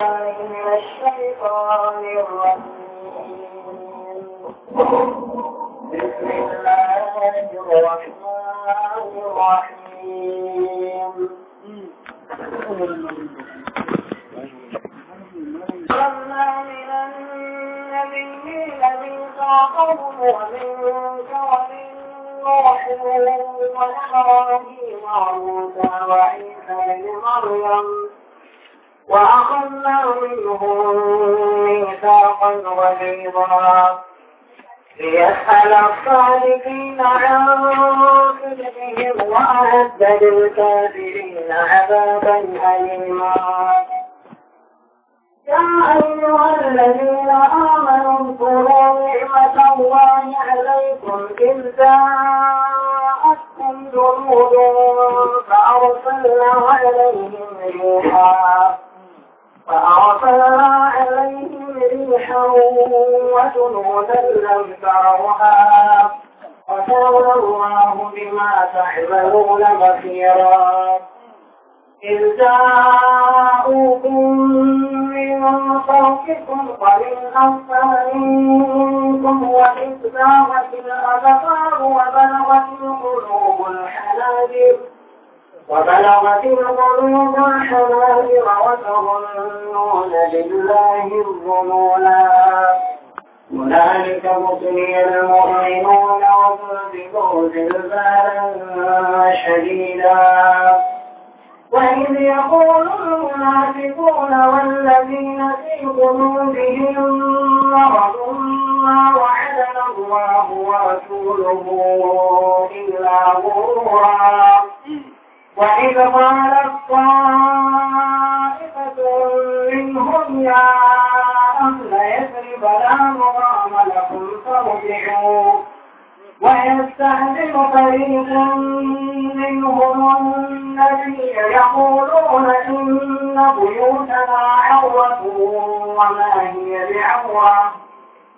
من الشيطان الرجيم بسم الله الرحمن الرحيم وَمَا مِنَ النَّبِيِّينَ مِنْ قَبْلُ وَمِنْكَ وَمِنْ نوح وإبراهيم وموسى وعيسى وَمَرْيَمَ وأخذنا منهم ميثاقا غليظا ليسأل الصادقين عن كذبهم وأعد للكافرين عذابا أليما يا أيها الذين آمنوا اذكروا نعمة الله عليكم إذ جاءتكم جنود فأرسلنا عليهم ريحا فأرسلنا عليهم ريحا وجنودا لم تروها وكان الله بما تعملون بصيرا إذ جاءوكم من فوقكم ومن أسفل منكم وإذ زاغت الأبصار وبلغت القلوب الحناجر وبلغت القلوب الحناجر وتظنون بالله الظنونا هنالك مبني المؤمنون وانبذوا زلزالا شديدا وإذ يقول المنافقون والذين في قلوبهم مرض ما وعدنا الله ورسوله إلا غرورا وإذ قالت طائفة منهم يا أهل يثرب لا مقام لكم فارجعوا ويستهزئ فريق منهم النبي يقولون إن بيوتنا عورة وما هي بعورة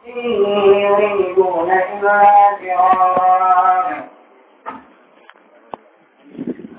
إن يريدون إلا فرارا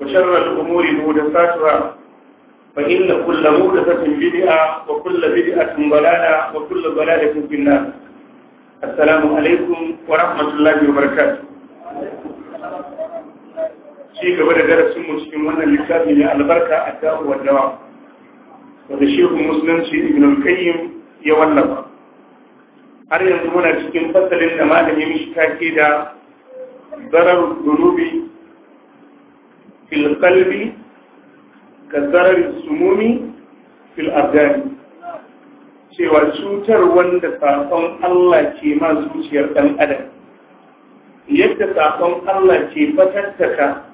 وشر الأمور مهدساتها فإن كل مهدسة بدعة وكل بدعة ضلالة وكل ضلالة في النار السلام عليكم ورحمة الله وبركاته shi gaba da darasinmu cikin wannan littafi ne albarka a da'u wa dawa shehu musulunci ibn ya wallafa har yanzu muna cikin fasalin da malamin shi take da zarar dunubi fil qalbi ka zarar sumumi fil abdani cewa cutar wanda saƙon Allah ke ma zuciyar ɗan adam yadda saƙon Allah ke fatattaka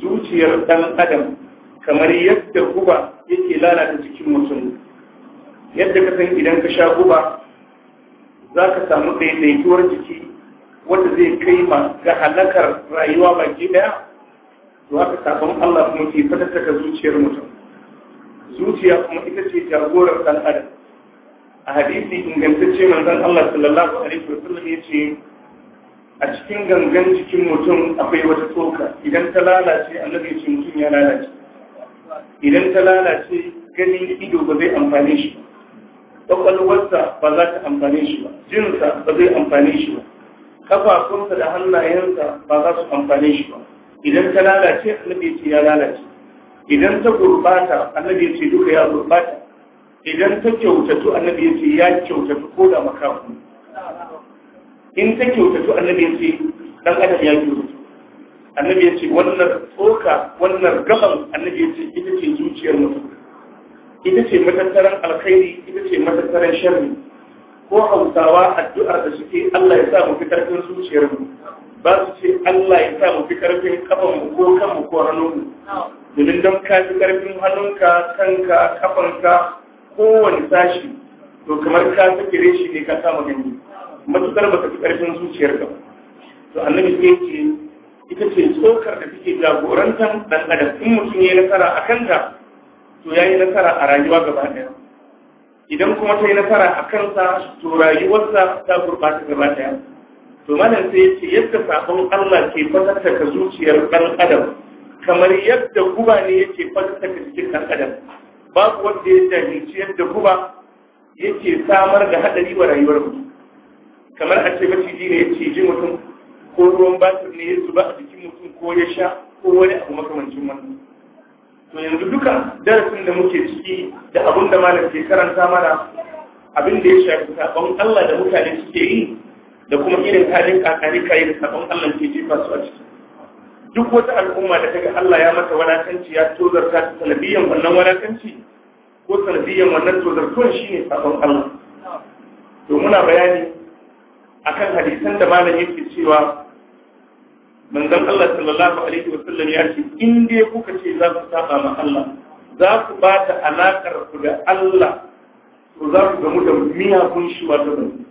zuciyar ɗan adam kamar yadda guba yake lalata jikin mutum yadda ka san idan ka sha guba za ka samu daidaituwar jiki wanda zai kai ma ga halakar rayuwa baki ɗaya to haka sabon Allah kuma ke fatattaka zuciyar mutum zuciya kuma ita ce jagorar ɗan adam a hadisi ingantacce manzon Allah sallallahu alaihi wasallam ya ce a cikin gangan jikin mutum akwai wata tsoka idan ta lalace annabi ya ce mutum ya lalace idan ta lalace ganin ido ba zai amfane shi ba kwakwalwarsa ba za ta amfane shi ba jinsa ba zai amfane shi ba kafafunsa da hannayensa ba za su amfane shi ba idan ta lalace annabi ce ya lalace idan ta gurbata annabi ce duka ya gurbata idan ta kyautatu annabi ce ya kyautatu ko da makafu in ta kyautatu annabi ce dan adam ya kyautatu annabi ce wannan tsoka wannan gaban annabi ce ita ce zuciyar mutum ita ce matattaran alkhairi ita ce matattaran sharri ko hausawa addu'ar da suke Allah ya sa mu fitar zuciyar mu ba su ce Allah ya sa mu fi karfin mu ko kanmu ko mu. domin don ka fi karfin hannunka kanka kafanka kowane sashi to kamar ka sakire shi ne ka samu gani matukar ba ka fi karfin ka. to annabi sai ce ita ce tsokar da take jagorantar dan adam in mutum ya yi nasara a kanta to ya yi nasara a rayuwa gaba ɗaya idan kuma ta yi nasara a kansa to rayuwarsa ta gurɓata gaba ɗaya to mana sai ce yadda sabon Allah ke ka zuciyar ɗan adam kamar yadda guba ne yake fatattaka cikin ɗan adam babu wanda ya jahilci yadda guba yake samar da haɗari wa rayuwar mutum kamar a ce maciji ne ya ciji mutum ko ruwan batir ne ya zuba a jikin mutum ko ya sha ko wani abu makamancin wannan to yanzu duka darasin da muke ciki da abin da malam ke karanta mana abin da ya shafi sabon Allah da mutane suke yi da kuma irin halin kakani kayi da sabon Allah ke jefa su a ciki duk wata al'umma da kaga Allah ya mata wadatanci ya tozarta ta sanadiyan wannan wadatanci ko sanadiyan wannan shi ne sabon Allah to muna bayani akan hadisan da malam yake cewa manzon Allah sallallahu alaihi wasallam ya ce in dai kuka ce za ku saba ma Allah za ku ba ta alakar ku da Allah to za ku gamu da miyakun shi wato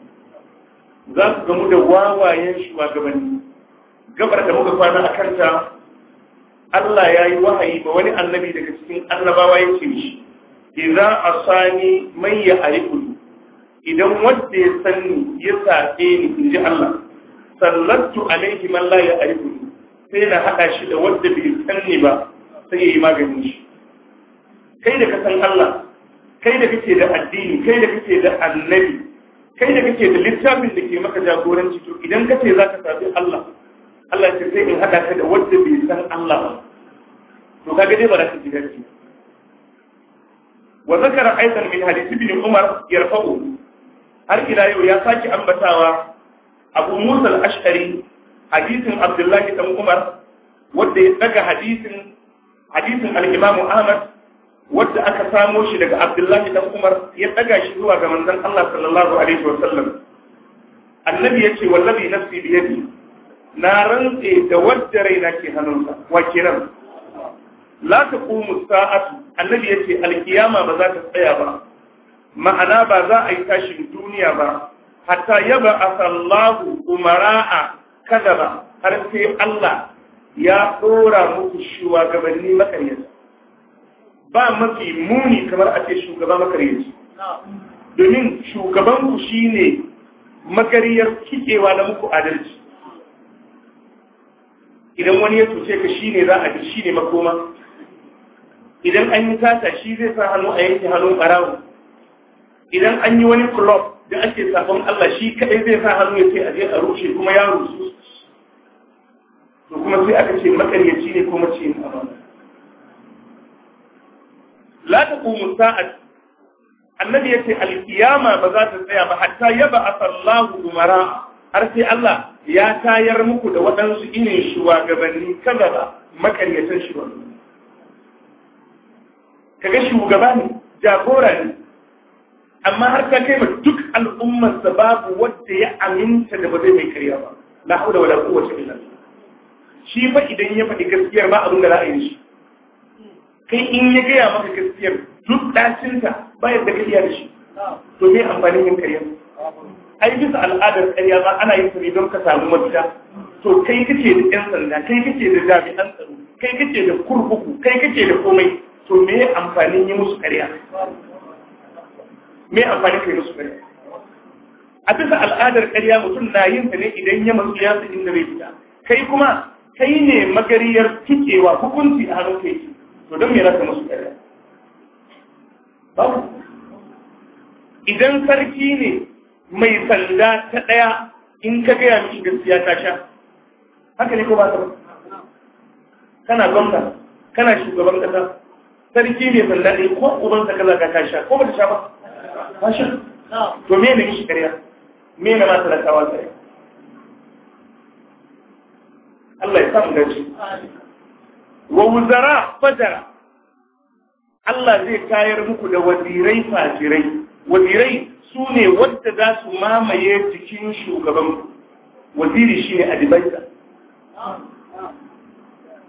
za su gamu da wawayen shugabanni gabar da muka kwana a kanta Allah ya yi wahayi ba wani annabi daga cikin annabawa ya ce shi idan a sani mai ya arifuni idan wanda ya sanni ya saɓe ni in ji Allah sallattu alaihi man la ya arifuni sai na haɗa shi da wanda bai sani ba sai ya yi maganin shi kai da ka san Allah kai da kake da addini kai da kake da annabi kai da kake da littafin da ke maka jagoranci to idan ka ce za ka sabi Allah Allah ya ce sai in haɗa ka da wanda bai san Allah ba to ga dai ba za ka ji daɗi wa zakara aidan min hadith ibn Umar yarfa'u har ila yau ya saki ambatawa Abu Musa al-Ash'ari hadisin Abdullahi dan Umar wanda ya daga hadisin hadisin al-Imam Ahmad wadda aka samo shi daga Abdullahi dan Umar ya daga shi zuwa ga manzon Allah sallallahu alaihi wa sallam. annabi yace wallahi nafsi bi yadi na rantse da wadda raina ke hannunsa wa kiran la taqumu sa'atu annabi yace alkiyama ba za ta tsaya ba ma'ana ba za a yi tashin duniya ba hatta yaba asallahu umara'a kada ba har sai Allah ya dora muku shugabanni makaryata ba mafi muni kamar a ce shugaba makaryaci domin shugabanku shi ne makariyar kikewa na muku adalci idan wani ya tuce ka shi ne za a ji shi ne makoma idan an yi tata shi zai sa hannu a yanke hannun ɓarawo idan an yi wani club da ake sabon Allah shi kaɗai zai sa hannu ya ce a je a rushe kuma ya rusu to kuma sai aka ce makaryaci ne kuma ce amana la taqumu sa'at annabi yace alkiyama ba za ta tsaya ba hatta yaba asallahu umara har sai Allah ya tayar muku da waɗansu irin shugabanni kada ba makaryatan shugabanni kaga shugaba ne jagora ne amma har ta kai ba, duk al'ummar sa babu wanda ya aminta da ba zai karya ba la haula wala quwwata illa billah shi ba idan ya faɗi gaskiyar ba abin da za a yi shi kai in ya gaya maka gaskiyar duk ɗacinta bayan da kariya da shi to me amfani yin kariya ai bisa al'adar kariya ba ana yin ne don ka samu mafita to kai kace da yan sanda kai kace da jami'an tsaro kai kace da kurkuku kai kace da komai to me amfani yi musu kariya me amfani kai musu kariya a bisa al'adar kariya mutum na yin ta ne idan ya matsu ya inda bai fita kai kuma kai ne magariyar tikewa hukunci a hannun kai to don me raka musu ƙarya babu idan sarki ne mai sanda ta ɗaya in ka gaya mishi gaskiya ta sha haka ne ko ba ta ba kana gwamna kana shugaban kasa sarki mai sanda ne ko ubansa kaza ka sha ko ba ta sha ba ba shi to me ne mishi ƙarya me ne ma talakawa ƙarya Allah ya samu gaji. wa wuzara fajara Allah zai tayar muku da wazirai fajirai wazirai su ne wadda za su mamaye jikin shugaban waziri shi ne adibaita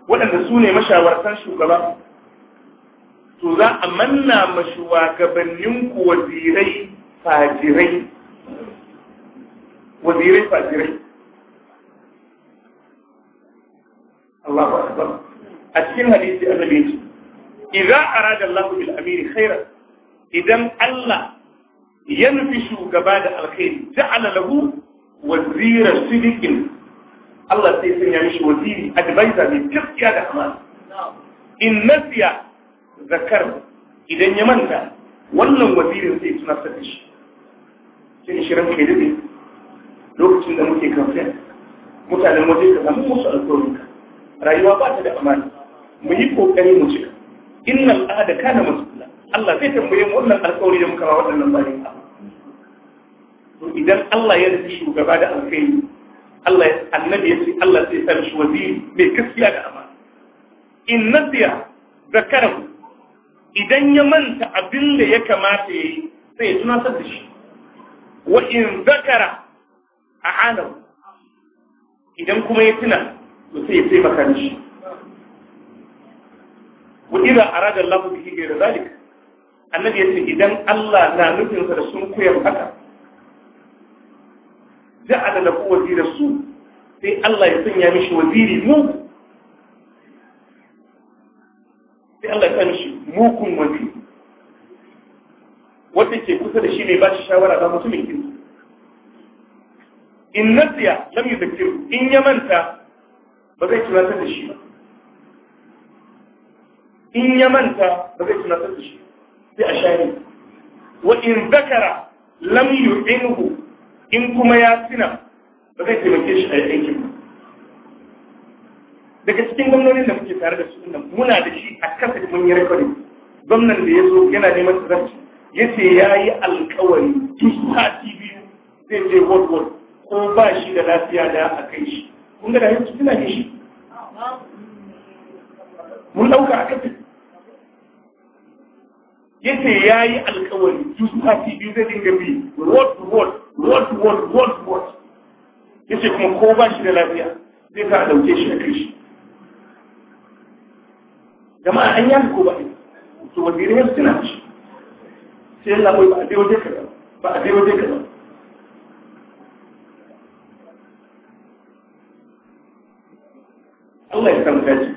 waɗanda su ne mashawartan shugaba to za a manna ma ku wazirai fajirai wazirai fajirai Allah ba a cikin hadisi annabi ce idza arada Allah idan Allah ya nufi shugaba da alkhairi ja'ala lahu wazira sidikin Allah sai sanya mishi waziri advisor mai gaskiya da amana in nasiya zakar idan ya manta wannan wazirin sai tuna sa shi sai shirin kai dade lokacin da muke kamfen mutanen waje ka samu musu alƙawarin rayuwa ba ta da amana mu yi kokari mu cika innal ahada kana mas'ula Allah zai tambaye mu wannan alƙawari da muka ba waɗannan bayin to idan Allah ya rufe shugaba da alƙawari Allah ya annabi ya ce Allah zai sa shi waziri mai gaskiya da amana in nasiya zakarahu idan ya manta abin da ya kamata ya yi sai ya tunatar da shi wa in zakara a idan kuma ya tuna to sai ya taimaka shi wa idza arada Allahu bihi ghayra zalik annabi yace idan Allah na nufin sa da sun koyar haka ja'ala lahu wazira su sai Allah ya sanya mishi waziri mu sai Allah ya sanya mishi mukun waziri wanda ke kusa da shi ne ba shi shawara ba mutumin kin in nasiya lam yudhkir in ya manta ba zai tunatar da shi ba in ya manta ba zai tunatar da shi sai a share wa in zakara lam yu'inhu in kuma ya tuna ba zai taimake shi a aikin ba daga cikin gwamnonin da muke tare da su nan muna da shi a kasa mun yi rikodin. gwamnan da ya zo yana neman tazarci ya ce ya yi alkawari duk sati biyu zai je world war ko ba shi da lafiya da a kai shi kun ga da yanzu suna da shi mun ɗauka a kasa yace yi alkawari duk sati biyu zai dinga bi road to road road to road road road yace kuma ko ba shi da lafiya zai ka dauke shi a kai jama'a an yi ko ba ne to wazirin yanzu suna ci sai Allah bai ba a dai waje kaza ba a dai waje kaza Allah ya samu dace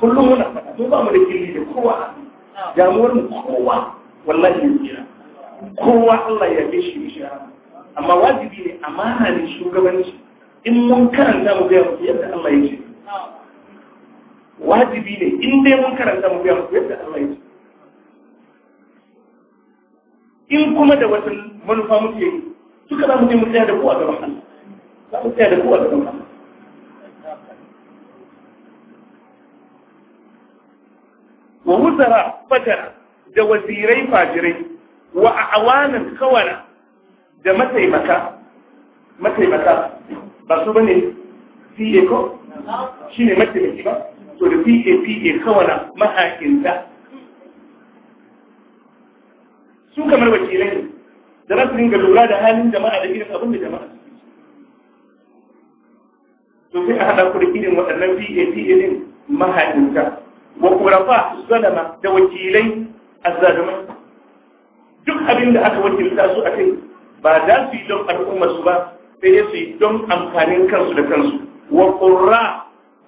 kullum muna faɗa mu ba mu da kiri da kowa damuwar kowa wallahi ya jira, kowa Allah ya bishi shi amma wajibi ne a ne shugabanci in mun karanta mu wasu yadda Allah ya ce wajibi ne in dai mun karanta mu wasu, yadda Allah ya ce in kuma da wata manufa muke suka za mu je mu tsaya da kowa gaban Allah za mu tsaya da kowa gaban Allah wa wuzara fatara da wazirai fajirai wa awanan kawana da mataimaka mataimaka ba su bane CA ko shi ne mataimaki ba to da PA PA kawara mahaƙinta su kamar wakilai ne da na su dinga lura da halin jama'a da irin abin da jama'a to sai a haɗa ku da irin waɗannan PA PA din mahaƙinta wa kurafa zalama da wakilai azzalumai duk abinda aka wakilta su a kai ba za su yi don al'umma su ba sai ya su yi don amfanin kansu da kansu wa qurra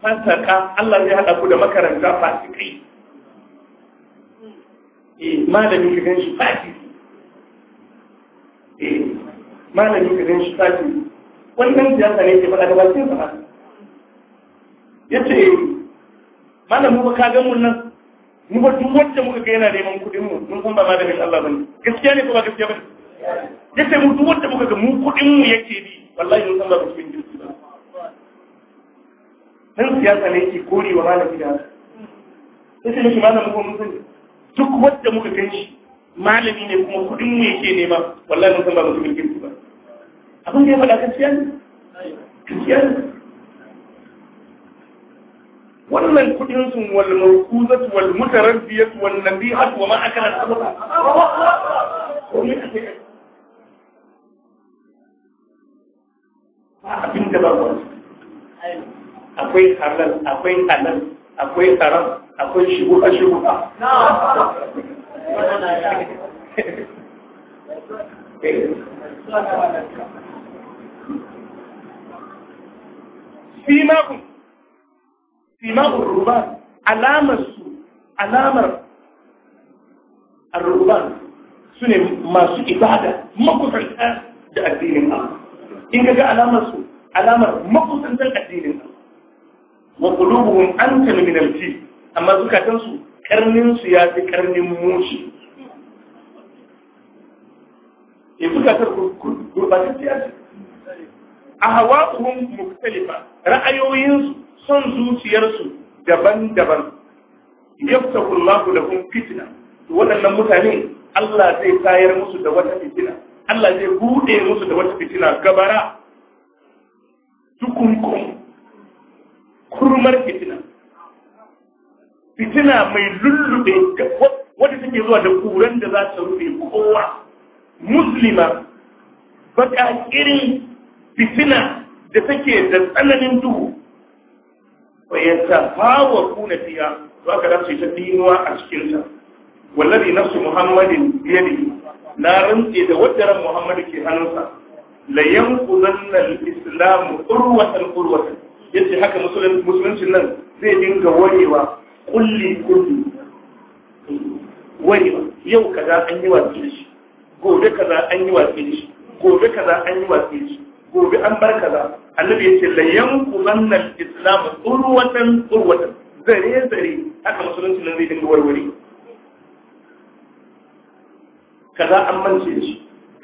fasaka Allah ya hada ku da makaranta fasikai eh malami ka ganshi fasiki eh malami ka ganshi fasiki wannan siyasa ne ke faɗa da bakin sa ya ce malam mu ba ka ga mun nan mu ba duk wacce muka ga yana neman kuɗin mu mun san ba min Allah bane gaskiya ne ko ba gaskiya bane yace mu duk wacce muka ga mu kuɗin mu yake bi wallahi mun san ba cikin jinsi ba nan siyasa ne yake kori wa malamin da yace ne malamin ko mun sani duk wacce muka gan shi malami ne kuma kuɗin mu yake nema wallahi mun san ba cikin jinsi ba abin da ya faɗa gaskiya ne gaskiya ne wannan kudin sun wal markuzat wal mutaraddiyat wal nabihat wa ma akala al azaba abin da ba wani akwai halal akwai halal akwai haram akwai shubuha shubuha fi ma kun sima'ur ruban alamar su alamar ar-ruban su ne masu ibada makusanta da addinin Allah in ga alamar su alamar makusantar addinin Allah wa qulubuhum ankan min al-jinn amma zukatan su karnin su ya fi karnin mushi in eh, zukatar gurbatacciya ce a hawa'uhum mukhtalifa ra'ayoyinsu son zuciyarsu daban-daban yaftahu da kun fitina waɗannan mutane Allah zai tayar musu da wata fitina Allah zai buɗe musu da wata fitina gabara tukunkum kurmar fitina fitina mai lullube wadda take zuwa da kuran da za ta rufe kowa muslima baka irin fitina da take da tsananin duhu wa kuna fiha za ka dace ta dinuwa a cikin ta wallazi nafsu muhammadin biyadihi na rantse da wadda Muhammadu ke hannunsa Layan yanqudanna al-islam urwatan urwatan yace haka musulunci nan zai dinga warewa kulli kulli warewa yau kaza an yi watsi da shi gobe kaza an yi watsi da shi gobe kaza an yi watsi da shi gobe an bar kaza annabi yace la yanqudanna al-islam urwatan urwatan zare zare haka musulunci nan zai dinga warware kaza an mance shi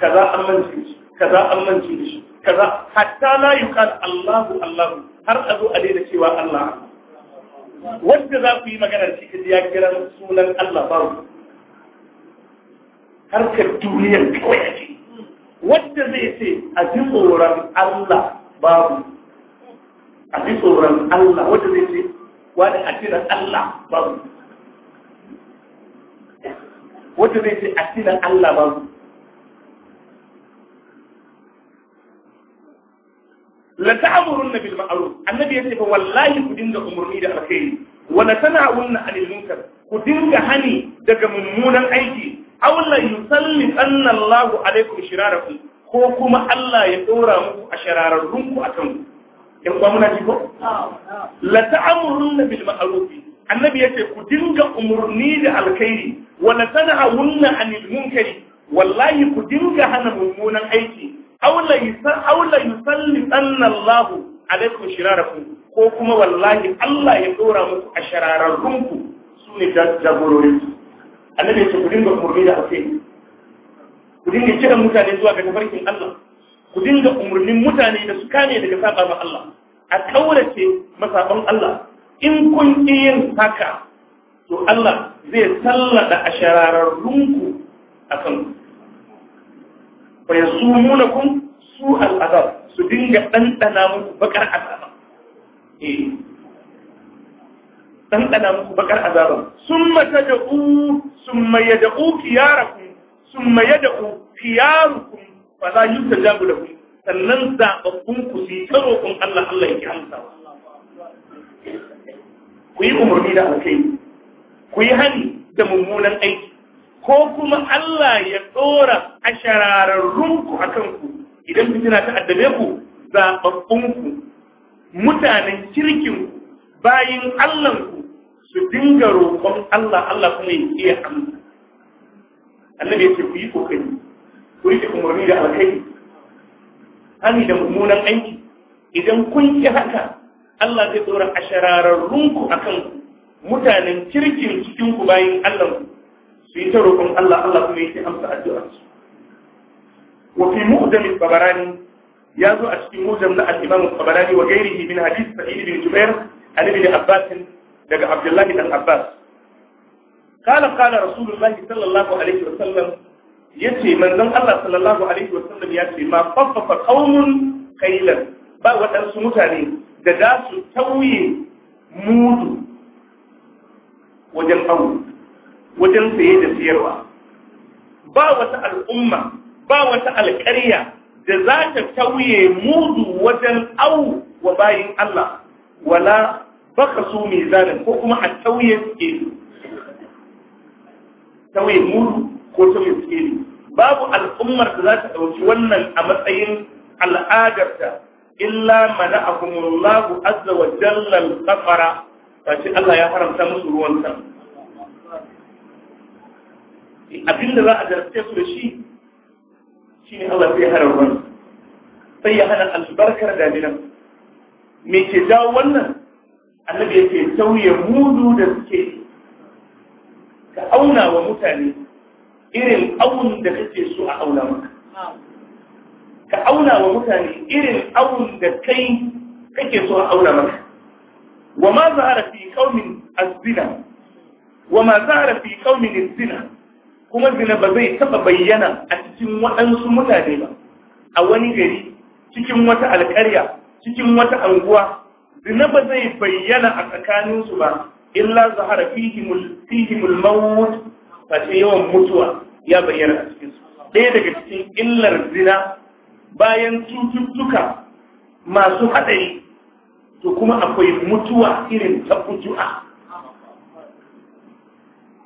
kaza an mance shi kaza an mance shi kaza hatta la yuqal Allahu Allahu har a zo a daina cewa Allah wanda za ku yi magana shi kaji ya kira sunan Allah Har ka duniyar kawai ake wanda zai ce a jin tsoron Allah babu a fi tsoron Allah wanda zai ce wani a tilan Allah babu wanda zai ce a tilan Allah babu la ta'murun nabil ma'ruf annabi yace fa wallahi ku dinga umurni da alkhairi wa la tana'unna 'anil munkar ku dinga hani daga mummunan aiki aw la anna Allahu alaikum shirarakum ko kuma Allah ya ɗora muku a shararrun ku akan ku in kuma muna ji ko la ta'amurunna bil ma'ruf annabi ce ku dinga umurni da alkhairi wa la a 'anil kari, wallahi ku dinga hana mummunan aiki aula yusal aula lahu, annallahu alaikum shirarakum ko kuma wallahi Allah ya ɗora muku a shararrun su ne jagororin annabi ya ce ku dinga umurni da alkhairi ku dinga kiran mutane zuwa ga tafarkin Allah ku dinga umarnin mutane da su kame daga saba ma Allah a kaurace masaban Allah in kun ƙi yin haka to Allah zai sallada a shararrunku a kan su muna kun su al'azab su dinga ɗanɗana muku bakar azaba eh. ɗanɗana muku bakar azaba sun mata da'u sun mai da'u kun summa yad'u khiyarukum fala yustajabu lahum sannan zababbun ku su karo kun Allah Allah ya amsa ku yi umarni da alkai ku yi hani da mummunan aiki ko kuma Allah ya ɗora a shararrunku a kanku idan fitina ta addabe ku zaɓaɓɓunku mutanen kirkinku bayin Allahnku su dinga roƙon Allah Allah kuma ya iya amsa annabi ya ce ku yi kokari ku rike umarni da alkhairi hani da mummunan aiki idan kun ki haka Allah zai tsora a shararrunku a kan mutanen kirkin cikinku bayan Allah su yi ta roƙon Allah Allah kuma yake amsa addu'arsu wa fi mu'jamin tabarani ya zo a cikin mujam na al-imam tabarani wa gairihi min hadith sa'id bin jubair an ibn abbas daga abdullahi dan abbas kala kala rasulullahi sallallahu alaihi wa sallam yace manzon Allah sallallahu alaihi wa sallam ce, ma qaffafa qaumun kailan ba waɗansu mutane da za su tauye mudu wajen awu wajen saye da siyarwa ba wata al'umma ba wata alƙarya da za ta tauye mudu wajen awu wa bayin Allah wala baka su mai zanen ko kuma a tauye su tauye mudu ko tauye tsere babu al'ummar da za ta ɗauki wannan a matsayin al'adarta illa mana lagu azza wa jalla kafara ta ce Allah ya haramta musu ruwan abin abinda za a jarabce su da shi shi ne Allah sai haram ruwan sai ya hana albarkar damina. me ke jawo wannan annabi yake tauye mudu da suke ka auna wa mutane irin awun da kake so a auna maka ka auna wa mutane irin abun da kai kake so a auna maka wa ma zahara fi qaumin azbina wa ma zahara fi qaumin zina kuma zina ba zai taba bayyana a cikin waɗansu mutane ba a wani gari cikin wata alƙarya cikin wata anguwa zina ba zai bayyana a tsakaninsu ba illa zahara fihimul fihimul maut face yawan mutuwa ya bayyana a cikin su ɗaya daga cikin illar zina bayan cututtuka masu haɗari to kuma akwai mutuwa irin ta fujua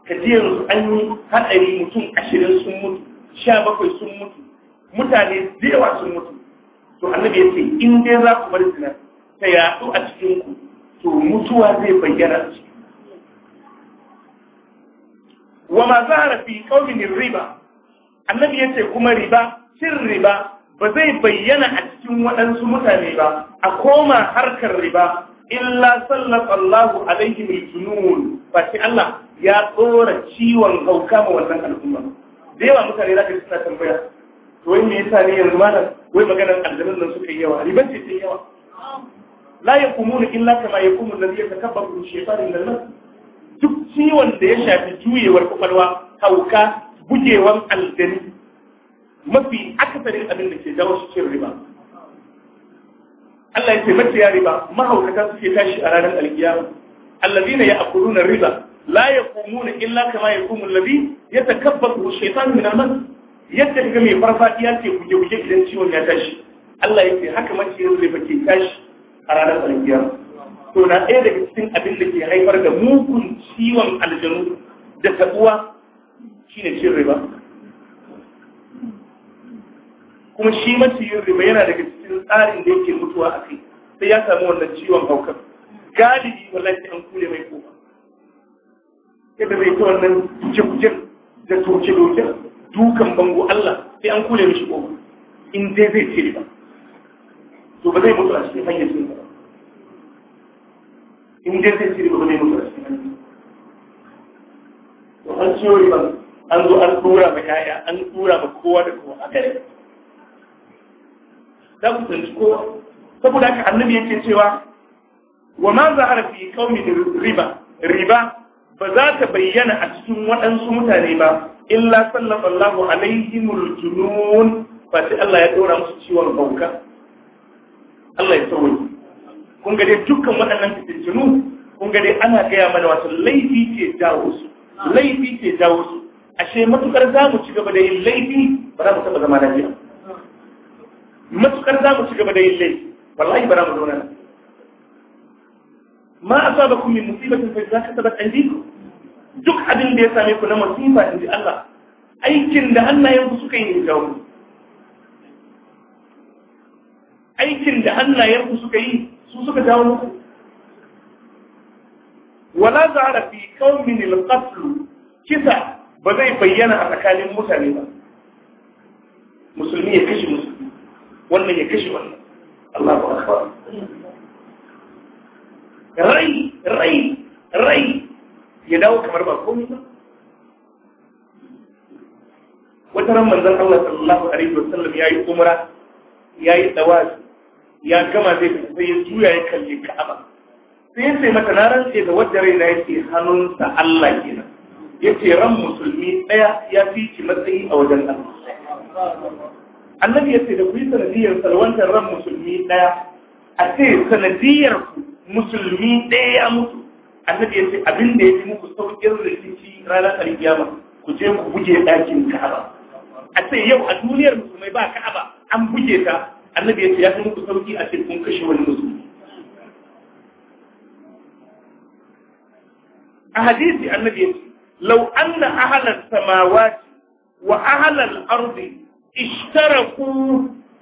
ka ji yanzu an yi haɗari mutum ashirin sun mutu sha bakwai sun mutu mutane da sun mutu to annabi ya ce in dai za ku bar zina ta yaɗu a cikinku to mutuwa zai bayyana a cikin wa ma zahara fi qaumin riba annabi yace kuma riba cin riba ba zai bayyana a cikin waɗansu mutane ba a koma harkar riba illa Allahu alaihi bil junun fati Allah ya tsora ciwon hauka ma wannan al'umma da yawa mutane zaka suna tambaya to wai me yasa ne yanzu malam wai maganar aljannan nan suka yi yawa riban ce yawa la yakumuna illa kama yakumu alladhi yatakabbaru shaytanu min al-mas duk ciwon da ya shafi juyewar kwakwalwa hauka bugewan aljani mafi akasarin abin da ke jawo shi cin riba Allah ya ce mace ya riba mahaukata suke tashi a ranar alkiyama allazina na riba la yaqumuna illa kama ya allazi yatakabbaru shaytan min al yadda kaga mai farfadiya ce guje guje idan ciwon ya tashi Allah ya ce haka mace ya riba ke tashi a ranar alkiyama to na ɗaya daga cikin abin da ke haifar da mugun ciwon aljanu da taɓuwa shine cin riba kuma shi maciyin riba yana daga cikin tsarin da yake mutuwa a kai sai ya samu wannan ciwon haukar galibi wallahi an kule mai kofa yadda zai ta wannan jibjir da toke-doke dukan bango Allah sai an kule mishi kofa in dai zai ce riba to ba zai mutu a cikin hanyar cin ba in dai sai shiri ba zai mutu a cikin to an ciyo riban an zo an tura ma yaya an tura ma kowa da kowa haka ne za ku tsanci kowa saboda haka annabi yake cewa wa ma zahara fi qaumi riba riba ba za ta bayyana a cikin waɗansu mutane ba illa sallallahu alaihimul junun fa sai Allah ya dora musu ciwon bauka Allah ya tsawaye kun ga dai dukkan waɗannan fitintunu kun ga dai ana gaya mana wasu laifi ke jawo su laifi ke jawo su ashe matukar za mu ci gaba da yin laifi ba za mu taɓa zama lafiya matukar za mu ci gaba da yin laifi wallahi ba za mu zauna ma asabakum min musibatin fa idza ɗan aydikum duk abin da ya same ku na masifa inji Allah aikin da hannayen ku suka yi ne jawo aikin da hannayen ku suka yi su suka jawo musu wala zara fi qaumin al-qatl kisa ba zai bayyana a tsakanin mutane ba musulmi ya kashe musulmi wannan ya kashe wannan Allah ba akbar rai rai rai ya dawo kamar ba komai ba wata ran manzon Allah sallallahu alaihi wasallam yayi umra yayi dawasi ya gama zai sai ya juya ya kalli ka'aba sai ya sai mata na rantse da wadda raina yake hannunsa Allah kenan yace ran musulmi daya ya fi ki matsayi a wajen Allah annabi yace da ku yi sanadiyar salwantar ran musulmi daya a ce sanadiyar musulmi daya ya mutu annabi yace abin da yafi muku saukin rikici ranar alkiyama ku je ku buge dakin Ka'aba a ce yau a duniyar musulmai ba Ka'aba an buge ta annabi ya ce ya fi muku sauki a ce kun kashe wani musulmi a hadisi annabi ya ce lau anna ahalar samawati wa ahalar ardi ishtaraku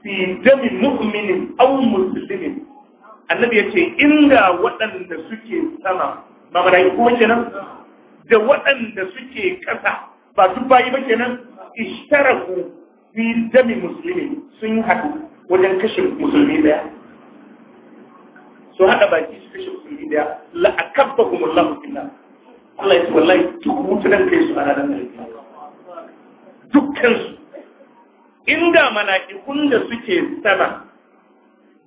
fi dami mu'minin au muslimin annabi ya ce inda waɗanda suke sama ba mala'iku ba kenan da waɗanda suke ƙasa ba duk bayi ba kenan ishtaraku fi dami muslimin sun haɗu wajen kashe musulmi daya su hada baki su kashe musulmi daya la akabba kuma Allah Allah ya ce wallahi duk mutunan kai su a ranar da dukkan su inda mala'ikun da suke sama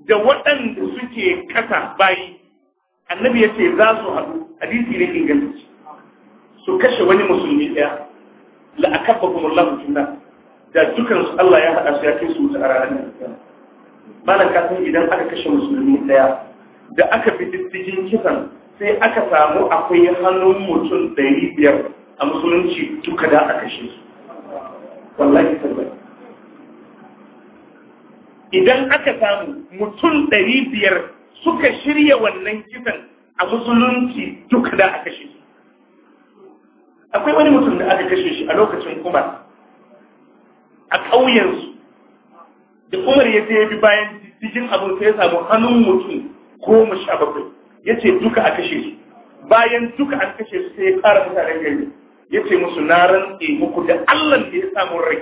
da waɗanda suke kasa bayi annabi ya ce za su haɗu hadisi ne ingantacce su kashe wani musulmi daya, la akabba kuma Allah da dukansu Allah ya haɗa su ya kai su wuta a ranar da malam kasan idan aka kashe musulmi daya da aka fi diddigin kisan sai aka samu akwai hannun mutum ɗari biyar a musulunci duka da aka kashe su wallahi sallallahu idan aka samu mutum ɗari biyar suka shirya wannan kisan a musulunci duka da aka kashe su akwai wani mutum da aka kashe shi a lokacin kuma a ƙauyensu da umar ya je ya bi bayan cikin abin sai ya samu hannun mutum goma sha bakwai ya ce duka a kashe su bayan duka a kashe su sai ya ƙara mutanen gari ya ce musu na rantse muku da allah da ya samu rai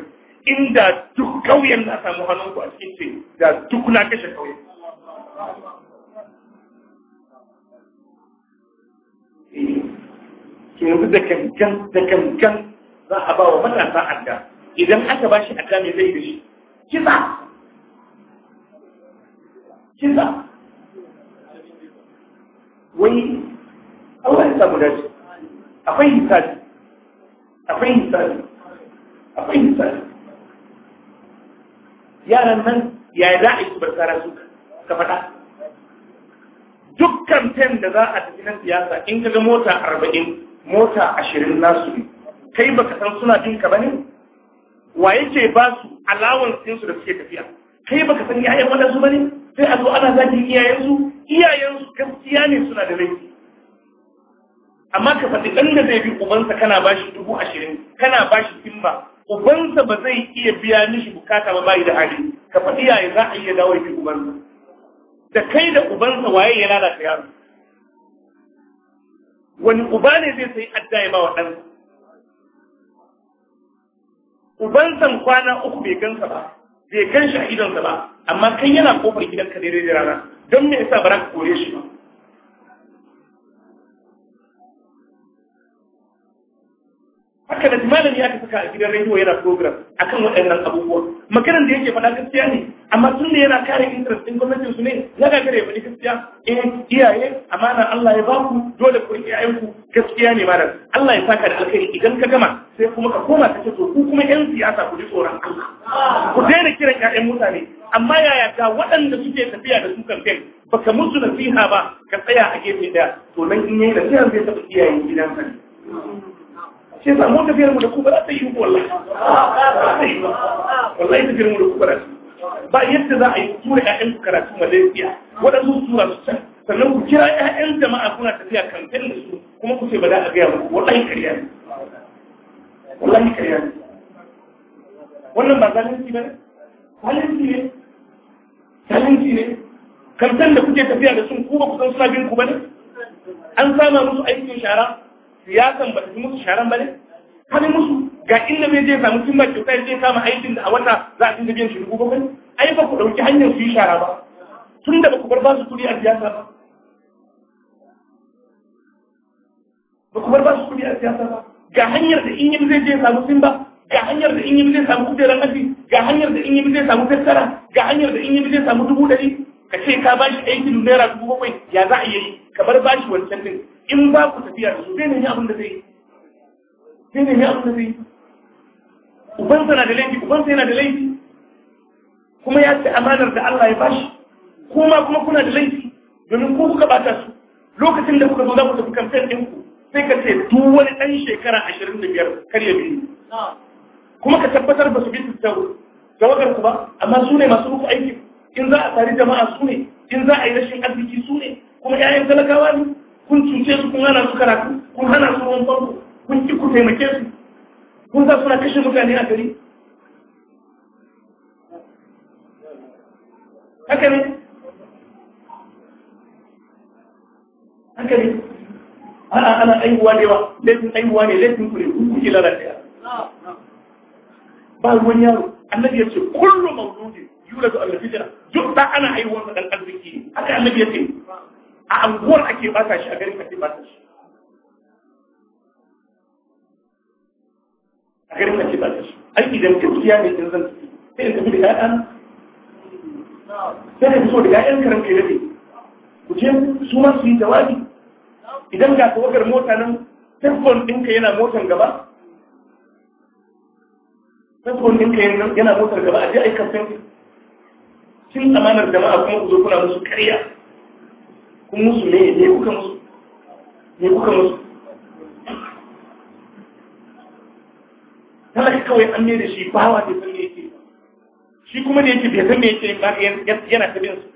inda duk ƙauyen na samu hannun ku a cikin ce da duk na kashe ƙauyen yanzu da kankan da kankan za a ba wa matasa adda idan aka ba shi adda mai zai da shi kisa kisa wai Allah ya samu dace akwai hisabi akwai hisabi akwai hisabi yaran nan ya za a yi bar tsara su ka faɗa dukkan ten da za a tafi nan siyasa in ka ga mota arba'in mota ashirin nasu ne kai ba ka san suna jin ba ne? wa yake ba su alawansinsu da suke tafiya kai ba ka san yayan wadansu ne? sai a zo ana zaki iyayensu iyayensu gaskiya ne suna da laifi amma ka faɗi ɗan da zai bi ubansa kana ba shi dubu ashirin kana ba shi himma ubansa ba zai iya biya mishi bukata ba bayi da hali ka faɗi yaya za a iya dawo bi ubansa da kai da ubansa waye ya lalata yaro wani uba ne zai sai adda ya ba wa ɗansa ubansan kwana uku bai gansa ba bai gan shi a idonka ba amma kan yana kofar gidanka daidai da rana don me yasa ba za ka kore shi ba da malami aka saka a gidan rediyo yana program akan waɗannan abubuwa maganar da yake faɗa gaskiya ne amma tun da yana kare interest din gwamnatin su ne na gagara ya faɗi gaskiya eh iyaye amana Allah ya baku dole ku riƙe ayyuku gaskiya ne mara. Allah ya saka da alkhairi idan ka gama sai kuma ka koma ka ce to ku kuma yan siyasa ku ji tsoron Allah ku daina kiran ƴaƴan mutane amma yaya ga waɗanda suke tafiya da su kamfen baka musu nasiha ba ka tsaya a gefe ɗaya to nan in yayi nasiha zai taɓa iyayen gidan ka. shi yasa mun tafiyar mu da ku ba za ta yi wallahi wallahi tafiyar mu da ku ba za ta ba yadda za a yi tura ƴaƴan karatu malaysia waɗansu tura su can sannan ku kira ƴaƴan jama'a kuna tafiya kamfen da su kuma ku ce ba za a gaya muku wallahi kariya ne wallahi kariya ne wannan ba zalunci ba ne zalunci ne zalunci ne kamfen da kuke tafiya da sun ku ba ku suna bin ku ba ne an sama musu aikin shara siyasan ba ta musu sharan ba ne kani musu ga inda bai je samu cimma kyauta ya zai kama aikin da a wata za a cinta biyan shi dubu bakwai ai ba ku ɗauki hanyar su yi shara ba tun da ba ku bar ba su kuɗi a siyasa ba ba ku bar ba su kuɗi a siyasa ba ga hanyar da in yi zai je samu simba ga hanyar da in yi zai samu kujerar aji ga hanyar da in yi zai samu tattara ga hanyar da in yi zai samu dubu ɗari ka ce ka ba shi aikin naira dubu bakwai ya za a yi kamar ba shi wancan din in ba ku tafiya da su zai nemi abin da zai yi abin da zai yi ubansa na da laifi ubansa yana da laifi kuma ya ce amanar da Allah ya bashi kuma kuma kuna da laifi domin ku kuka bata su lokacin da kuka zo za ku tafi kamfen ku, sai ka ce duk wani ɗan shekara ashirin da biyar kar ya biyu kuma ka tabbatar ba su bi su jawabar ku ba amma su ne masu muku aiki in za a tari jama'a su ne in za a yi rashin arziki su ne kuma 'ya'yan talakawa ne kun cuce su kun hana su karatu kun hana su ruwan famfo kun ki ku taimake su kun za suna kashe mutane a gari haka ne haka ne ana ana aihuwa ne ba laifin aihuwa ne laifin ku ne kun kuke lalata ba ruwan yaro annabi ya ce kullum mauludin yura da alfitira duk ba ana aihuwa da dan arziki haka annabi ya ce a anguwar ake bata shi a garin ake bata shi a garin ake bata shi ai idan gaskiya ne in zan sai in tafi da ƴaƴan sai in so da ƴaƴan karan kai dade ku je su ma su yi jawabi idan ga tawagar mota nan telefon ɗinka yana motan gaba telefon ɗinka yana motar gaba a je a yi kamfen cin jama'a kuma ku zo kuna musu karya kun musu ne ne kuka musu ne kuka musu talaka kawai an ne da shi bawa da san me yake shi kuma da yake bai san me yake ba yana ta bin su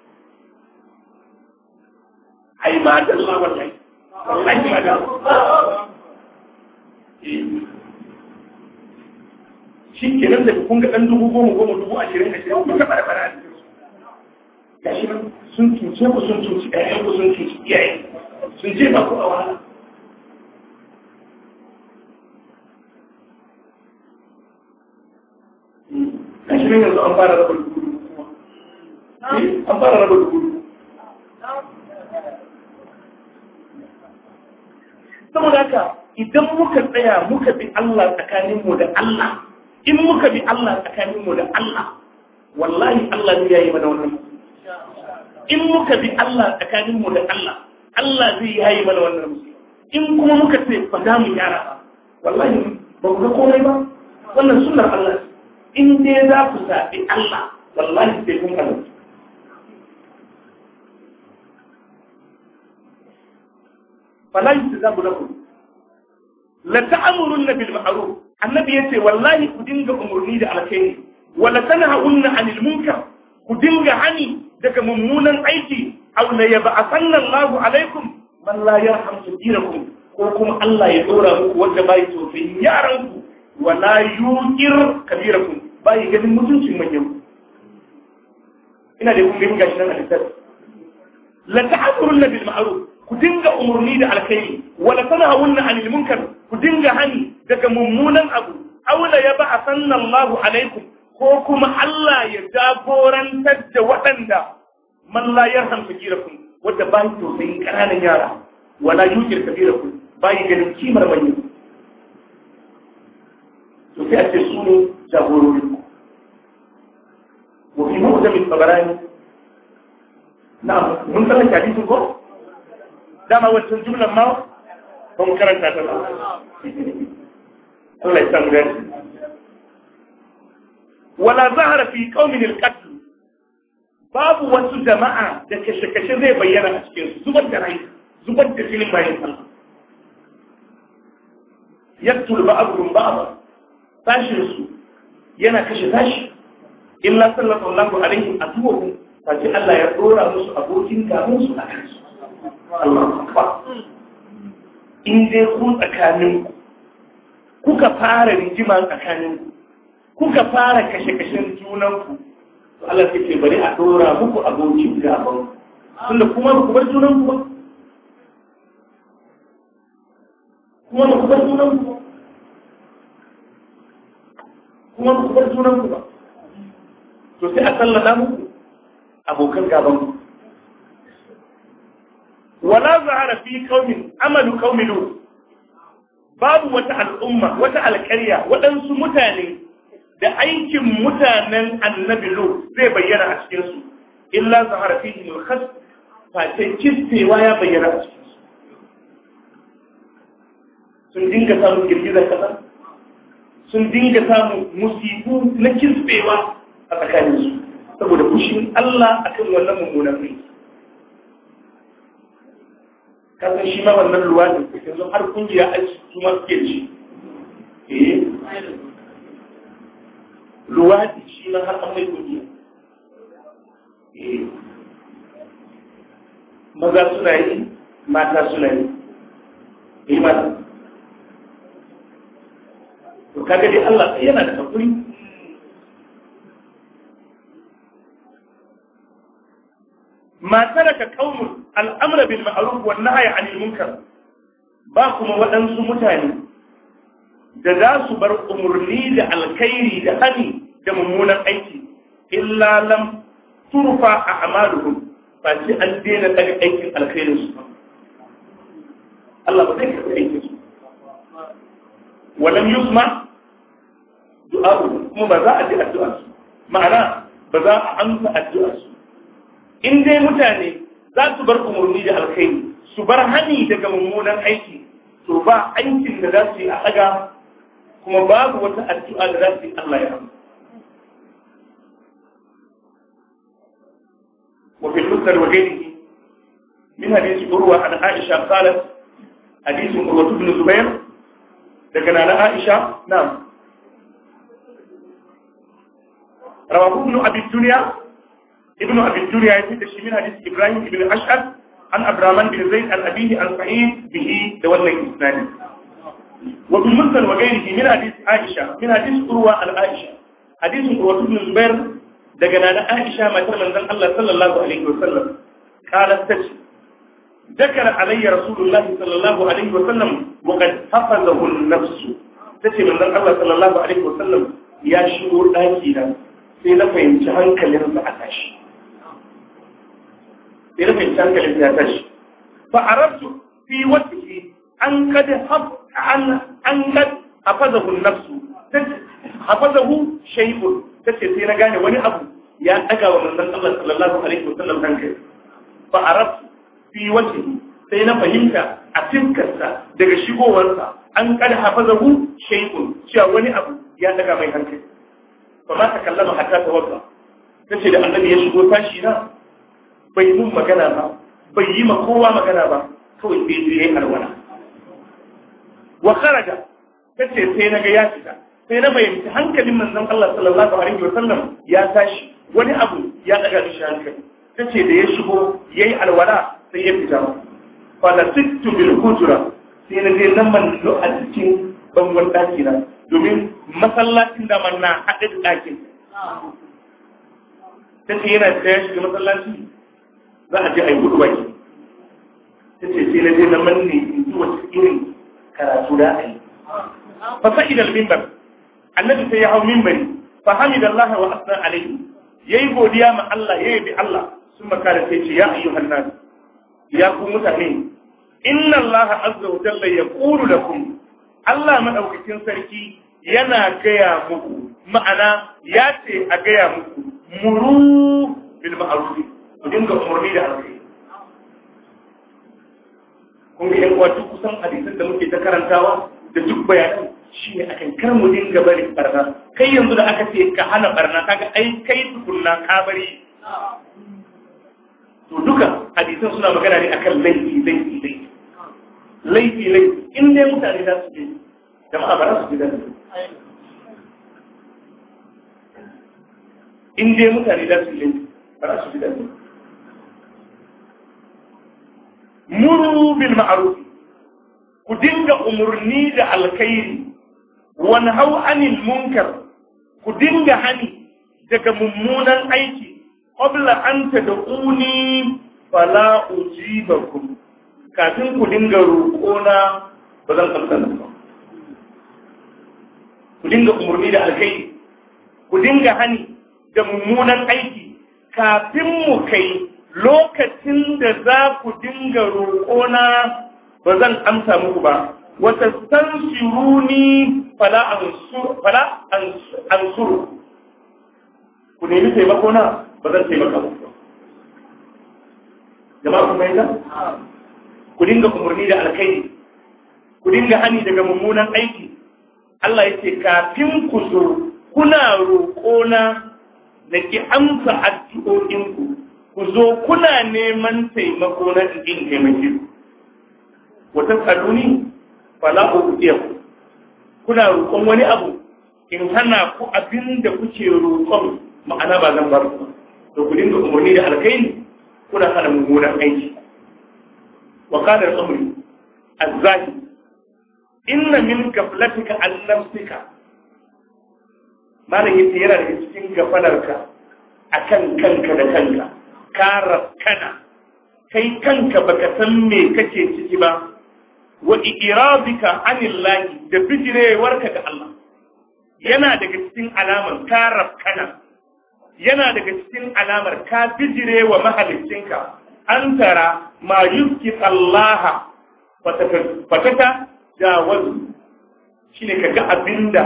ai ma da Allah wallahi wallahi ma da eh. shi ke nan da kun ga ɗan dubu goma goma dubu ashirin ashirin kun ga bara bara da shi sun cuce ku sun cuci ɗayan ku sun cuci iyaye sun ce ba ku a wahala a shirin yanzu an fara raba dubu dubu eh, an fara raba dubu dubu saboda haka idan muka tsaya muka bi Allah tsakaninmu da Allah in muka bi Allah tsakaninmu da Allah wallahi Allah ne ya yi mana wannan in muka bi Allah tsakanin mu da Allah Allah zai yayi mana wannan musiba in kuma muka ce ba za mu gyara ba wallahi ba ku ga komai ba wannan sunnar Allah in dai za ku sabi Allah wallahi sai kun kalli fala yusabu lakum la ta'murunna bil ma'ruf annabi yace wallahi ku dinga umurni da alkhairi Wala la tanha'unna 'anil munkar ku dinga hani daga mummunan aiki aw la yab'athanna Allahu alaikum man la yarham sabirakum ko kuma Allah ya dora muku wanda bai tofin yaran ku wa la yuqir kabirakum bai ganin mutuncin manyan ina da kun gani gashi nan a littafi la na bil ma'ruf ku dinga umurni da alkhairi wala tanahunna 'anil munkar ku dinga hani daga mummunan abu aw la yab'athanna Allahu alaikum ko kuma Allah ya jagorantar da waɗanda Mallayar la yarham kun. wanda ba tausayi ƙananan yara wala yujir kabirakum ba Bayi ganin kimar manya to sai a ce su ne jagorori wa fi mu'jam bara ne Na mun san sun ko dama wancan jumlan ma ba mu karanta ta ba Allah ya san gani wala zahara fi qaumin alqatl babu wasu jama'a da kashe-kashe zai bayyana a cikin su zubar da rai zubar da jinin bayan Allah yaktul ba'dhum ba'd tashin su yana kashe tashi illa sallallahu alaihi atuwahum kaji Allah ya dora musu abokin gaban su a kansu Allah akbar in dai ku tsakanin kuka fara rigima tsakanin ku kuka fara kashe-kashen junanku to Allah sai ce bari a dora muku abokin gaban tunda kuma ba ku bar junanku ba kuma ba ku bar junanku ba kuma ba ku bar junanku ba to sai a sallada muku abokan gaban ku wala zahara fi kaumin amalu qaumilu babu wata al'umma wata alƙarya waɗansu mutane da aikin mutanen annabi lo zai bayyana a cikinsu illa zahara fi hilkas fatan kistewa ya bayyana a cikinsu sun dinga samun girgizar kasa sun dinga samun musibu na kistewa a tsakaninsu saboda kushin Allah kan wannan mummunan mai kasan shi ma wannan luwaɗin yanzu har kungiya a cikin masu ke ci luwadi shi na har an mai kudi eh. maza suna yi mata suna yi yi eh, mata to kaga dai Allah yana da hakuri ma taraka qaumun al'amra bil ma'ruf wan nahya 'anil munkar ba kuma waɗansu mutane da za su bar umarni da alkhairi da hani da mummunan aiki illa lam turfa a amaluhum ba sai an daina daga aikin alkhairin su Allah ba zai karɓi aikin su walam yusma du'a kuma ba za a ji addu'a su ma'ana ba za a amsa addu'a su in dai mutane za su bar umarni da alkhairi su bar hani daga mummunan aiki to ba aikin da za su yi a daga kuma babu wata addu’a da za su yi Allah ya rama. Wafin Lutar wa gani, min hadisi Urwa an Aisha Salas, hadisin Urwa Tudun Zubair, daga na Aisha, nam. Rawabu Ibn Abid Duniya, shi min hadisi Ibrahim Ibn Ashad, an Abraman bin Zain al-Abihi al-Sahih bihi da wannan isnadin. وفي المسلم وغيره من حديث عائشة من حديث قروة العائشة حديث قروة بن زبير دقنا عائشة ما تمن ذن الله صلى الله عليه وسلم قالت تجي ذكر علي رسول الله صلى الله عليه وسلم وقد حفظه النفس تجي من ذن الله صلى الله عليه وسلم يا شعور آكينا سيلفا يمتحن كلمة عتاش سيلفا يمتحن كلمة عتاش فعرفت في وجهه أن قد حفظ an an kad hafazahu nafsu hafazahu shay'un tace sai na gane wani abu ya daga wa manzon Allah sallallahu alaihi wasallam hankali fa arabtu fi wajhihi sai na fahimta a fiskarsa daga shigowarsa an kad hafazahu shay'un cewa wani abu ya daga mai hankali fa ma ta takallama hatta tawaffa tace da annabi ya shigo tashi na bai mun magana ba bai yi ma kowa magana ba kawai bai je yayin wa kharaja kace sai naga ya fita sai na fahimci hankalin manzon Allah sallallahu alaihi wa sallam ya tashi wani abu ya daga shi hankali kace da ya shigo yayi alwala sai ya fita fa lasittu bil hujra sai na je nan man a cikin bangon daki na domin masallacin da manna na haɗe da dakin tace yana da ya shiga masallaci za a je a yi hudu baki tace sai na je nan man ne in ji cikin irin karatu da aka yi fa sa'id al-minbar annabi sai ya hau mimbari. fa hamidallah wa asna alayhi yayi godiya ma Allah yayi bi Allah sun makara sai ce ya ayyu hannan. ya ku mutane inna Allah azza wa jalla da lakum Allah madaukakin sarki yana gaya muku ma'ana ya ce a gaya muku muru bil ma'ruf ku dinga umarni da alkhairi kun ga yankuwa duk kusan hadisun da muke ta karantawa da duk bayanan shi ne akan kar mu dinga bari barna kai yanzu da aka ce ka hana barna kaga ai kai tukunna ka bari to duka hadisan suna magana ne akan laifi laifi laifi laifi laifi in dai mutane za su je jama'a ba za su je da in dai mutane za su je ba za su je da muru bil ma'ruf ku dinga umurni da alkhairi wan hau anil munkar ku dinga hani daga mummunan aiki qabla an tad'uni fala ujibakum kafin ku dinga roƙona ba zan amsa ba ku dinga umurni da alkhairi ku dinga hani da mummunan aiki kafin mu kai lokacin da za ku dinga roƙona ba zan amsa muku ba wata sansiruni fala ansuru ku nemi taimako na ba zan taimaka muku ba jama'a kuma zan ku dinga umarni da alkhairi ku dinga hani daga mummunan aiki Allah ya ce kafin ku zo kuna roƙona na ki amsa addu'o'inku ku zo kuna neman taimako na in taimake ku wa tasaluni ku. Ku kuna roƙon wani abu in hana ku abin da kuke roƙon ma'ana ba zan bar ku to ku dinga umarni da alkaini kuna hana mummunan aiki wa kadar umri amri inna min gaflatika an malaka malam yana da cikin gafalarka akan kanka da kanka kara kana kai kanka baka san me kake ciki ba wa iradika anillahi da bijirewarka ga Allah yana daga cikin alamar kara kana yana daga cikin alamar ka bijire wa mahaliccinka an tara ma yuski Allah fatata jawazu shine kaga abinda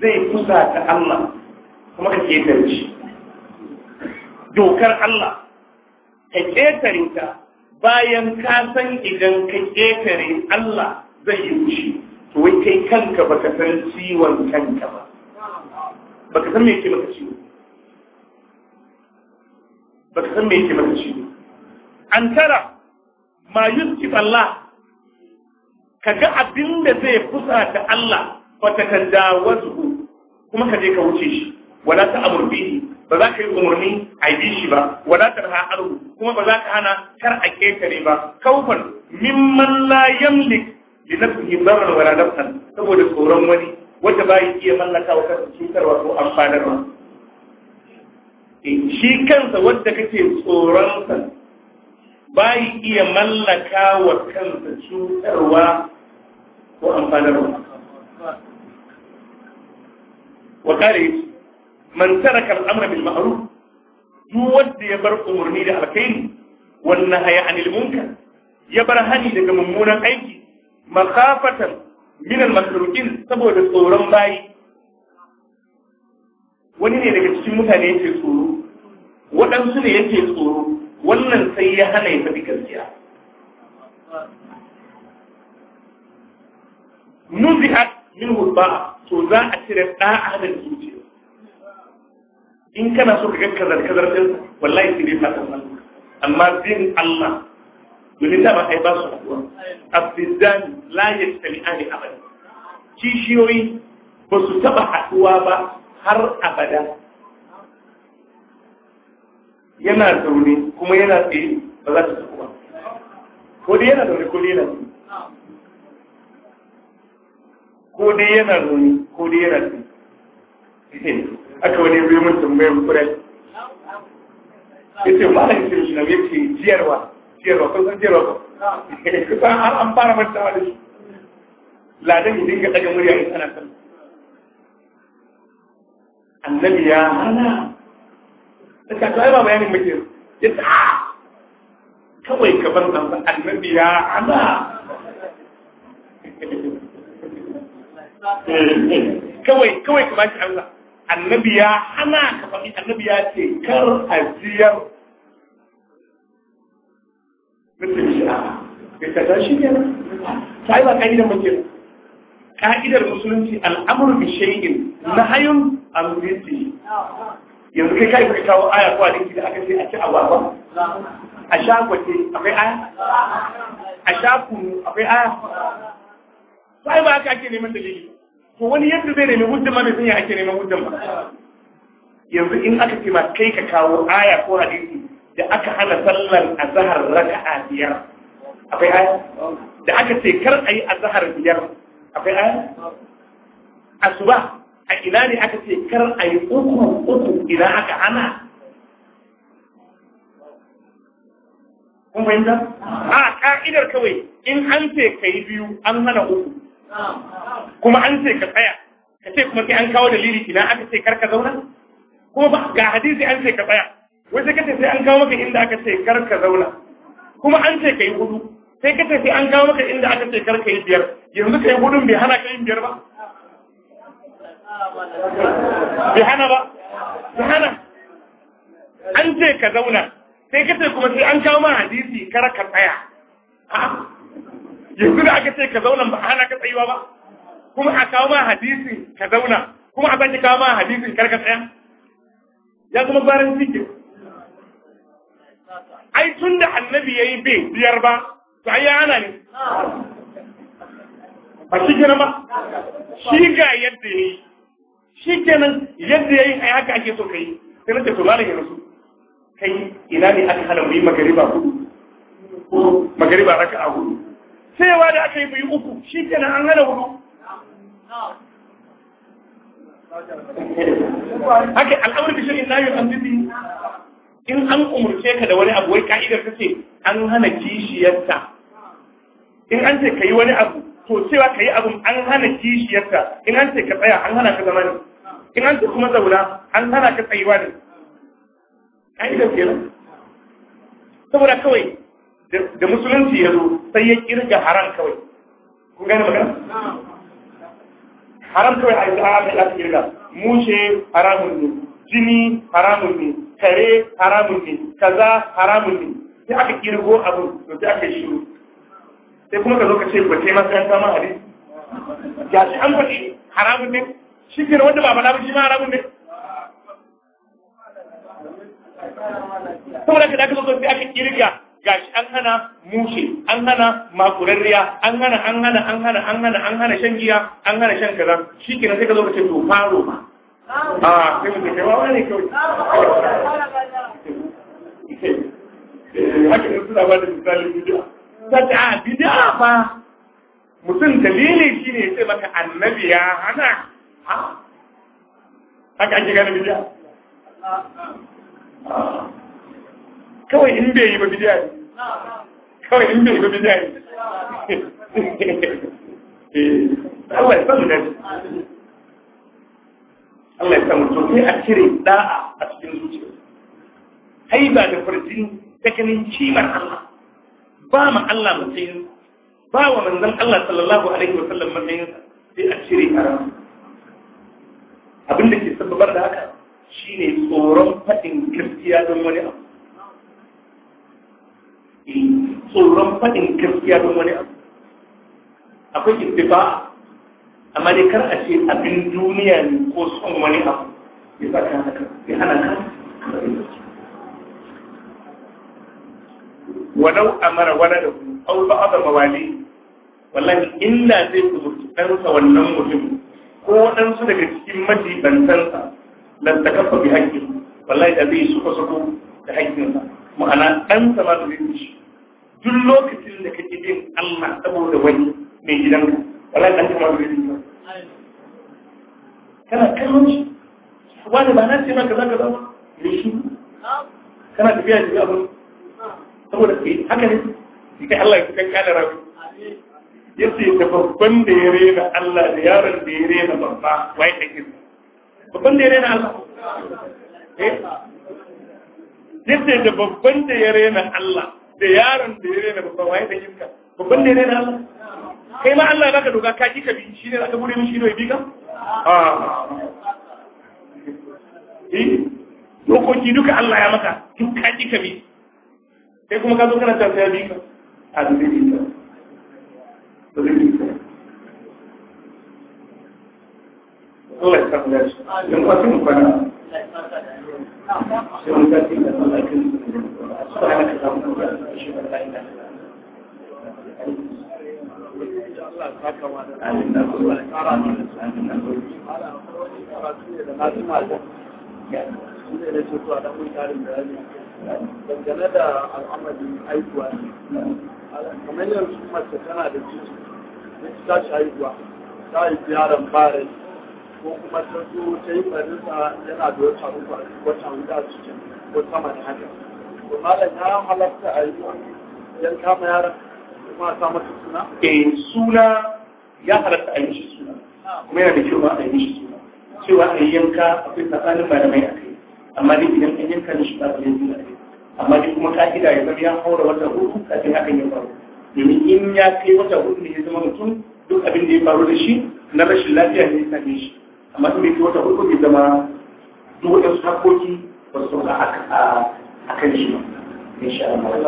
zai kusa ta Allah kuma ka ketar dokar Allah ka ƙetare ta bayan ka san idan ka ƙetare Allah zai yi mushi, to wai kai kanka baka san ciwon kanka ba baka san me yake maka ciwo baka san me yake maka ciwo an tara ma yusuf Allah ka ga abin da zai kusa ta Allah wata ka dawazu kuma ka je ka wuce shi wala ta amurbi ba za ka yi umarni a bi shi ba wala tarha arhu kuma ba za ka hana kar a ketare ba kaufan mimman la yamlik li nafsihi darran wala nafsan saboda tsoron wani wanda ba iya mallaka wa kansa cutarwa ko amfanarwa eh, shi kansa wanda kake tsoron sa ba iya mallaka wa kansa cutarwa ko amfanarwa wa kare man taraka al-amra bil ma'ruf duk wanda ya bar umarni da alkhairi wan nahya anil munkar ya bar hani daga mummunan aiki makhafatan min al saboda tsoron bayi wani ne daga cikin mutane yake tsoro waɗansu ne yake tsoro wannan sai ya hana ya faɗi gaskiya nuzihat min hulba'a to za a cire ɗa'a da zuciya in kana so ka ga kazar kazar din wallahi sai dai fatan amma din Allah Mun da ba ai ba su kuwa abdan la yastami'ani abada kishiyoyi ba su taba haduwa ba har abada yana zaune kuma yana tsaye ba za ta tafi ba ko dai yana zaune ko dai yana ko dai yana zaune ko dai yana tsaye aka wani bai mun tambayar kurai yace malam ce shi na yace jiyarwa jiyarwa kun san jiyarwa ba kusan an an fara mantawa da shi ladan ya dinga daga murya in ana kan annabi ya hana saka to ai ba bayanin muke Ya a ah! kawai ka bar nan annabi ya hana eh, eh. kawai kawai ka bashi Allah annabi ya hana ka faɗi annabi ya ce kar ajiyar mutum shi a ita ta shi ne ta yi ba ka'idar mace da musulunci al'amur bi shay'in na hayun bihi yanzu kai kai kai kawo aya ko hadisi da aka ce a ci agwagwa a sha kwace akwai aya a sha kunu akwai aya sai ba aka ake neman dalili ko wani yadda zai nemi hujjan ma bai san ya ake neman hujjan ba yanzu in aka ce ma kai ka kawo aya ko hadisi da aka hana zahar azhar raka'a biyar akwai aya da aka ce kar a yi azhar biyar akwai aya asuba a ina ne aka ce kar a yi uku uku ina aka hana kun fahimta a ka'idar kawai in an ce ka yi biyu an hana uku kuma an ce ka tsaya ka ce kuma sai an kawo dalili ina aka ce kar ka zauna kuma ba ga hadisi an ce ka tsaya wai sai kace sai an kawo maka inda aka ce kar ka zauna kuma an ce kai hudu sai kace sai an kawo maka inda aka ce kar ka yi biyar yanzu kai hudu bai hana ka yin biyar ba bai hana ba bai hana an ce ka zauna sai kace kuma sai an kawo maka hadisi kar ka tsaya yanzu da aka ce ka zauna ba hana ka tsayuwa ba kuma a kawo ma hadisin ka zauna kuma a sake kawo ma hadisin ka tsaya ya zama barin cikin ai tun da annabi ya yi bai biyar ba to ai ya hana ne ba shi kenan ba shi ga yadda ya yi shi kenan yadda ya yi ai haka ake so ka yi sai na ce to malam ya rasu kai ina ne aka hana mu yi magariba hudu ko magariba a hudu cewa da aka yi bai uku shi nan an hana hudu haka al'amur da shirin layu an bibi in an umurce ka da wani abu wai ka'idar ta ce an hana kishiyarta in an ce ka yi wani abu to cewa ka yi abu an hana kishiyarta in an ce ka tsaya an hana ka zama ne in an ce kuma zauna an hana ka tsayuwa ne ka'idar nan. saboda kawai da musulunci ya zo sai ya kirga haram kawai kun gane magana haram kawai a yanzu abin da kirga mushe haramun ne jini haramun ne kare haramun ne kaza haramun ne sai aka kirgo abu to sai aka shiru sai kuma ka zo ka ce ba ce masu yan samun hadisi ya shi an faɗi haramun ne shi ke wanda ba faɗa shi ma haramun ne saboda ka da ka zo sai aka kirga gashi an hana mushe an hana makurarriya an hana an hana an hana an hana an hana shan giya an hana shan kaza shi kenan sai ka zo ka ce to faro ma a ah, sai mutum kai wani ne kawai eh, haka ne suna ba da misalin bid'a sata ah, bid'a fa mutum dalili shine ne sai maka annabi ya hana ah, haka ake gane bid'a kawai in bai yi ba bidiya ne kawai in bai yi ba bidiya ne eh, Allah ya samu dace Allah ya san mutum sai a cire da'a a cikin zuciya ba da farjin takanin cimar Allah ba ma Allah mutum ba wa manzon Allah sallallahu alaihi wa sallam matsayin sai a cire a ran abin da ke sababar da haka shine tsoron fadin gaskiya don wani abu tsoron faɗin gaskiya don wani abu akwai ittifa'a amma dai kar a ce abin duniya ne ko son wani abu ya sa ka haka ya hana ka walau amara wala da ku au ba aba mawali wallahi inda zai ku zurtu ɗansa wannan mutum ko waɗansu daga cikin majibantansa lan ta kafa bi haƙƙin wallahi da zai suka suko da haƙƙinsa ma'ana ɗansa ma da zai shi duk lokacin da kake bin Allah saboda wani mai gidanka wallahi dan kuma bai dinka kana kallon shi wani ba na ce maka zaka zama mai shi kana tafiya shi abin saboda kai haka ne shi kai Allah ya kan kada rabu ce ta babban da ya rena Allah da yaron da ya rena babba wai da kin babban da ya rena Allah eh ce da babban da ya rena Allah da yaron da ya rena babban waye da iska babban da rena Allah kai ma Allah baka doka ka ki ka bi shi ne aka gure mishi ne bi ka a ah. eh duka Allah ya maka duk ka ki ka bi sai kuma ka zo kana ta bi ka a dubi bi ka bi ka Allah ya sa mu Yan kwatin kwana. Sai mun ga cikin Allah ya dangane da al'amarin haihuwa kamar yanzu mace tana da ciki duk ta shi haihuwa ta yi yaron bare ko kuma ta zo ta yi barinsa yana da wata uku a wata hudu a cikin ko sama da haka malam ya halatta a yi yan kama yaran kuma a samu suna? Eh, suna ya halatta a yi shi suna kuma yana da kyau a yi shi suna cewa a yi yanka akwai tsakanin malamai a kai amma dai idan an yanka da shi ba a yanzu a kai amma dai kuma ka'ida ya zama ya haura wata hudu kafin hakan ya faru domin in ya kai wata hudu ne ya zama mutum duk abin da ya faru da shi na rashin lafiya ne ya same shi amma in bai kai wata hudu bai zama duk waɗansu hakoki ba su a akan shi insha'allah